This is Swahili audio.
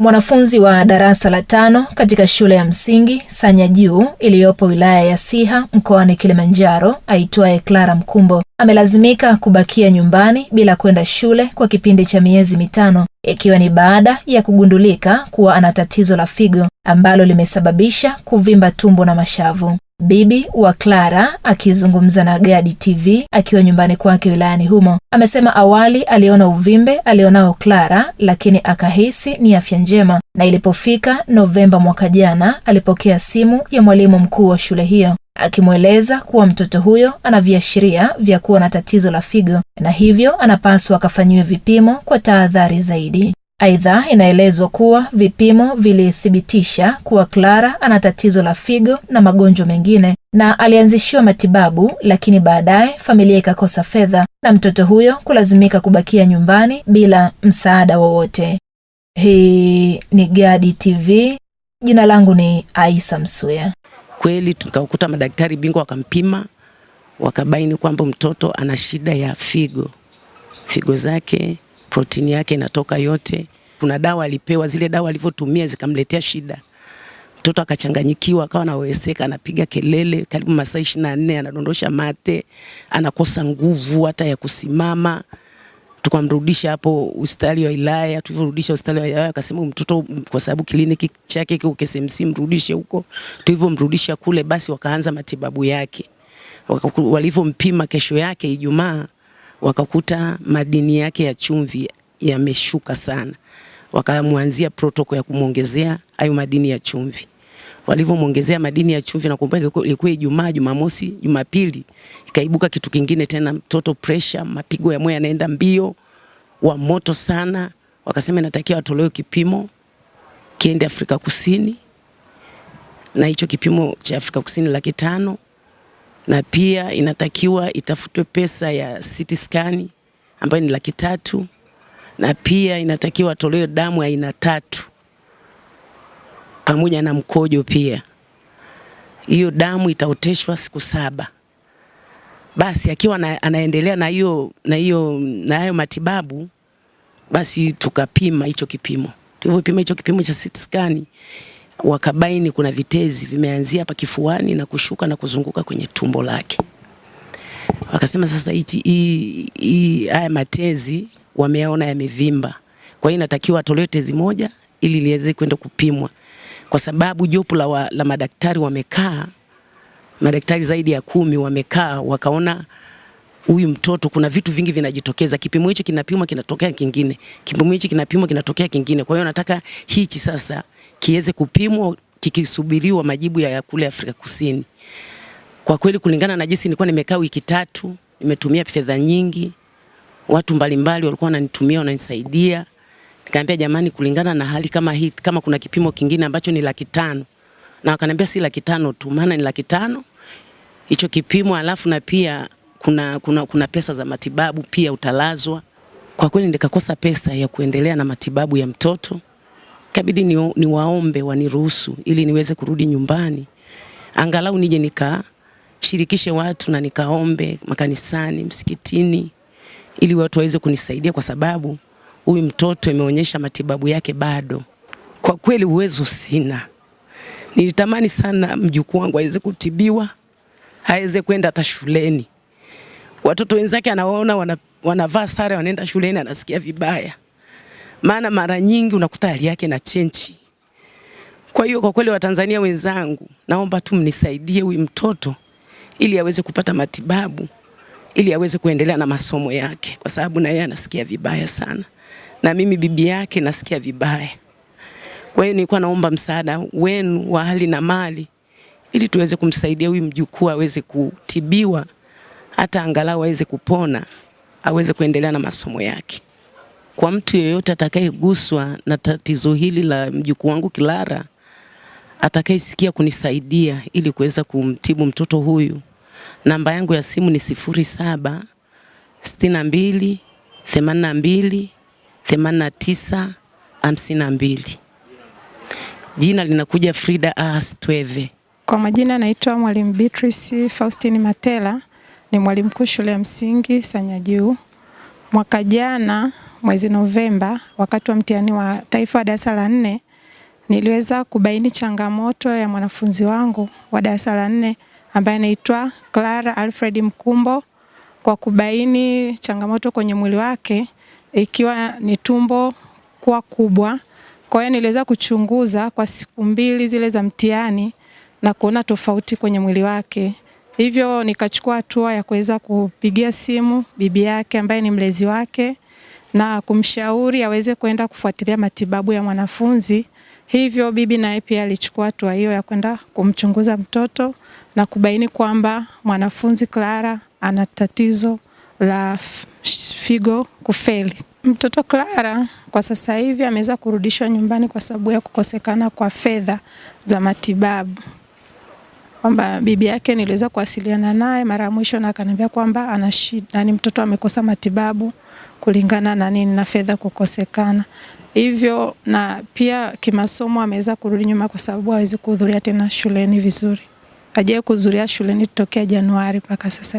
Mwanafunzi wa darasa la tano katika shule ya msingi Sanya Juu iliyopo wilaya ya Siha mkoani Kilimanjaro aitwaye Clara Mkumbo amelazimika kubakia nyumbani bila kwenda shule kwa kipindi cha miezi mitano ikiwa ni baada ya kugundulika kuwa ana tatizo la figo ambalo limesababisha kuvimba tumbo na mashavu. Bibi wa Clara akizungumza na Gadi TV akiwa nyumbani kwake wilayani humo amesema awali aliona uvimbe alionao Clara, lakini akahisi ni afya njema, na ilipofika Novemba mwaka jana alipokea simu ya mwalimu mkuu wa shule hiyo akimweleza kuwa mtoto huyo ana viashiria vya kuwa na tatizo la figo na hivyo anapaswa akafanyiwe vipimo kwa tahadhari zaidi. Aidha, inaelezwa kuwa vipimo vilithibitisha kuwa Clara ana tatizo la figo na magonjwa mengine na alianzishiwa matibabu, lakini baadaye familia ikakosa fedha na mtoto huyo kulazimika kubakia nyumbani bila msaada wowote. Hii ni Gadi TV. Jina langu ni Aisa Msuya. Kweli tukakuta madaktari bingwa wakampima, wakabaini kwamba mtoto ana shida ya figo, figo zake protini yake inatoka yote. Kuna dawa alipewa, zile dawa alivyotumia zikamletea shida, mtoto akachanganyikiwa, akawa anaweseka, anapiga kelele karibu masaa 24, anadondosha mate, anakosa nguvu hata ya kusimama. Tukamrudisha hapo hospitali ya Ilaya. Tulivyorudisha hospitali ya Ilaya, akasema mtoto, kwa sababu kliniki chake kiko KCMC, mrudishe huko. Tulivyomrudisha kule, basi wakaanza matibabu yake, walivyompima kesho yake Ijumaa wakakuta madini yake ya chumvi yameshuka sana, wakamwanzia protoko ya kumwongezea hayo madini ya chumvi. Walivyomwongezea madini ya chumvi, nakumbuka ilikuwa Ijumaa, Jumamosi, Jumapili ikaibuka kitu kingine tena, mtoto pressure, mapigo ya moyo yanaenda mbio, wa moto sana. Wakasema inatakiwa atolewe kipimo kiende Afrika Kusini, na hicho kipimo cha Afrika Kusini laki tano na pia inatakiwa itafutwe pesa ya CT scan ambayo ni laki tatu na pia inatakiwa atolewe damu aina tatu pamoja na mkojo pia. Hiyo damu itaoteshwa siku saba. Basi akiwa na, anaendelea na hiyo na hiyo na hayo matibabu, basi tukapima hicho kipimo tulivyopima hicho kipimo cha CT scan wakabaini kuna vitezi vimeanzia hapa kifuani na kushuka na kuzunguka kwenye tumbo lake. Wakasema sasa hii haya matezi wameyaona yamevimba, kwa hiyo inatakiwa atolewe tezi moja ili liweze kwenda kupimwa, kwa sababu jopo la, wa, la madaktari wamekaa, madaktari zaidi ya kumi wamekaa, wakaona huyu mtoto kuna vitu vingi vinajitokeza. Kipimo hicho kinapimwa kinatokea kingine, kipimo hicho kinapimwa kinatokea kingine. Kwa hiyo nataka hichi sasa kiweze kupimwa kikisubiriwa majibu ya kule Afrika Kusini. Kwa kweli kulingana na jinsi nilikuwa nimekaa wiki tatu, nimetumia fedha nyingi, watu mbalimbali walikuwa wananitumia wananisaidia. Nikaambia jamani, kulingana na hali kama hii, kama kuna kipimo kingine ambacho ni laki tano, na wakaniambia si laki tano tu, maana ni laki tano hicho kipimo, alafu na pia kuna, kuna, kuna pesa za matibabu pia utalazwa. Kwa kweli nikakosa pesa ya kuendelea na matibabu ya mtoto ikabidi ni, ni waombe waniruhusu ili niweze kurudi nyumbani angalau nije nikashirikishe watu na nikaombe makanisani, msikitini ili watu waweze kunisaidia kwa sababu huyu mtoto imeonyesha matibabu yake bado. Kwa kweli uwezo sina. Nilitamani sana mjukuu wangu aweze kutibiwa, aweze kwenda hata shuleni. Watoto wenzake anawaona wanavaa wana sare wanaenda shuleni, anasikia vibaya maana mara nyingi unakuta hali yake na chenchi. Kwa hiyo kwa kweli, Watanzania wenzangu, naomba tu mnisaidie huyu mtoto ili aweze kupata matibabu ili aweze kuendelea na masomo yake, kwa sababu na yeye anasikia vibaya sana, na mimi bibi yake nasikia vibaya. Kwa hiyo nilikuwa naomba msaada wenu wa hali na mali ili tuweze kumsaidia huyu mjukuu aweze kutibiwa, hata angalau aweze kupona, aweze kuendelea na masomo yake kwa mtu yeyote atakayeguswa na tatizo hili la mjukuu wangu Kilara, atakayesikia kunisaidia ili kuweza kumtibu mtoto huyu, namba yangu ya simu ni sifuri saba sitini na mbili themanini na mbili themanini na tisa hamsini na mbili. Jina linakuja Frida Ahas Tweve. Kwa majina naitwa Mwalimu Beatrice Faustini Matela, ni mwalimu mkuu shule ya msingi Sanya Juu. Mwaka jana mwezi Novemba wakati wa mtihani wa taifa wa darasa la nne niliweza kubaini changamoto ya mwanafunzi wangu wa darasa la nne ambaye anaitwa Clara Alfred Mkumbo kwa kubaini changamoto kwenye mwili wake ikiwa ni tumbo kuwa kubwa. Kwa hiyo niliweza kuchunguza kwa siku mbili zile za mtihani na kuona tofauti kwenye mwili wake. Hivyo nikachukua hatua ya kuweza kupigia simu bibi yake ambaye ni mlezi wake na kumshauri aweze kwenda kufuatilia matibabu ya mwanafunzi. Hivyo bibi naye pia alichukua hatua hiyo ya kwenda kumchunguza mtoto na kubaini kwamba mwanafunzi Clara ana tatizo la figo kufeli. Mtoto Clara kwa sasa hivi ameweza kurudishwa nyumbani kwa sababu ya kukosekana kwa fedha za matibabu, kwamba bibi yake niliweza kuwasiliana naye mara ya mwisho na akaniambia kwamba ana shida, ni yaani mtoto amekosa matibabu kulingana na nini na fedha kukosekana hivyo, na pia kimasomo ameweza kurudi nyuma kwa sababu hawezi kuhudhuria tena shuleni vizuri. Hajawahi kuhudhuria shuleni tokea Januari mpaka sasa hivi.